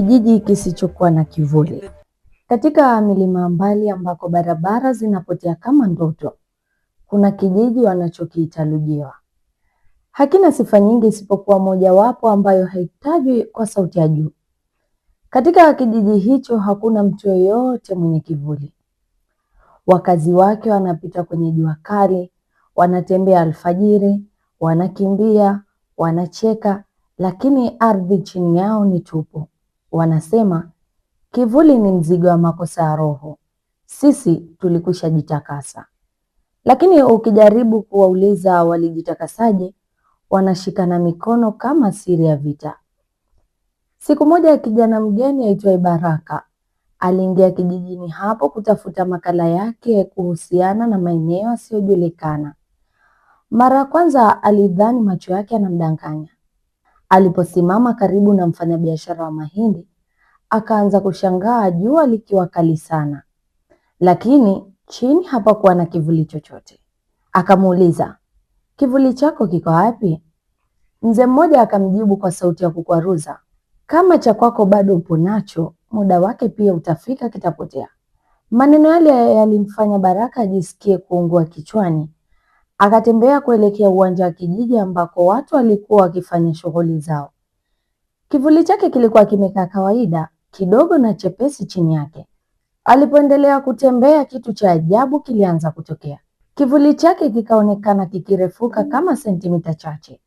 kijiji kisichokuwa na kivuli katika milima mbali ambako barabara zinapotea kama ndoto. Kuna kijiji wanachokiita Lujiwa. Hakina sifa nyingi isipokuwa mojawapo ambayo haitajwi kwa sauti ya juu. Katika kijiji hicho hakuna mtu yoyote mwenye kivuli. Wakazi wake wanapita kwenye jua kali, wanatembea alfajiri, wanakimbia, wanacheka, lakini ardhi chini yao ni tupu wanasema kivuli ni mzigo wa makosa ya roho, sisi tulikwisha jitakasa. Lakini ukijaribu kuwauliza walijitakasaje, wanashikana mikono kama siri ya vita. Siku moja kijana mgeni aitwaye Baraka aliingia kijijini hapo kutafuta makala yake kuhusiana na maeneo yasiyojulikana. Mara ya kwanza alidhani macho yake anamdanganya, Aliposimama karibu na mfanyabiashara wa mahindi, akaanza kushangaa jua likiwa kali sana, lakini chini hapakuwa na kivuli chochote. Akamuuliza, kivuli chako kiko wapi? Mzee mmoja akamjibu kwa sauti ya kukwaruza, kama cha kwako bado upo nacho, muda wake pia utafika, kitapotea. Maneno yale yalimfanya Baraka ajisikie kuungua kichwani akatembea kuelekea uwanja wa kijiji ambako watu walikuwa wakifanya shughuli zao. Kivuli chake kilikuwa kimekaa kawaida kidogo na chepesi chini yake. Alipoendelea kutembea, kitu cha ajabu kilianza kutokea. Kivuli chake kikaonekana kikirefuka kama sentimita chache,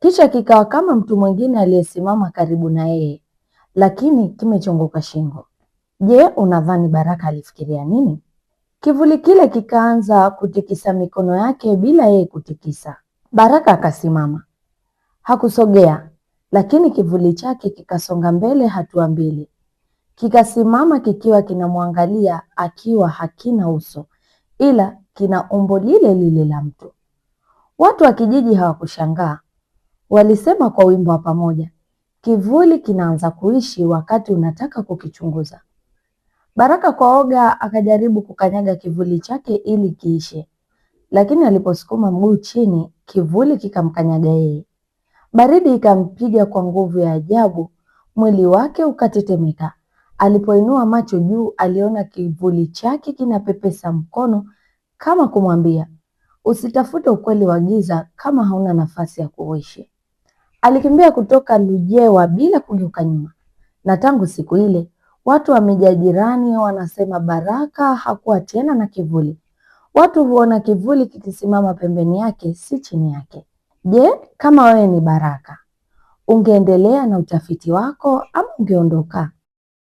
kisha kikawa kama mtu mwingine aliyesimama karibu na yeye, lakini kimechongoka shingo. Je, unadhani Baraka alifikiria nini? Kivuli kile kikaanza kutikisa mikono yake bila yeye kutikisa. Baraka akasimama, hakusogea, lakini kivuli chake kikasonga mbele hatua mbili, kikasimama kikiwa kinamwangalia, akiwa hakina uso, ila kina umbo lile lile la mtu. Watu wa kijiji hawakushangaa, walisema kwa wimbo wa pamoja, kivuli kinaanza kuishi wakati unataka kukichunguza. Baraka kwa oga akajaribu kukanyaga kivuli chake ili kiishe, lakini aliposukuma mguu chini, kivuli kikamkanyaga yeye. Baridi ikampiga kwa nguvu ya ajabu, mwili wake ukatetemeka. Alipoinua macho juu, aliona kivuli chake kinapepesa mkono kama kumwambia, usitafute ukweli wa giza kama hauna nafasi ya kuishi. Alikimbia kutoka Lujewa bila kugeuka nyuma, na tangu siku ile Watu wamejaa jirani, wanasema Baraka hakuwa tena na kivuli. Watu huona kivuli kikisimama pembeni yake, si chini yake. Je, kama wewe ni Baraka, ungeendelea na utafiti wako ama ungeondoka?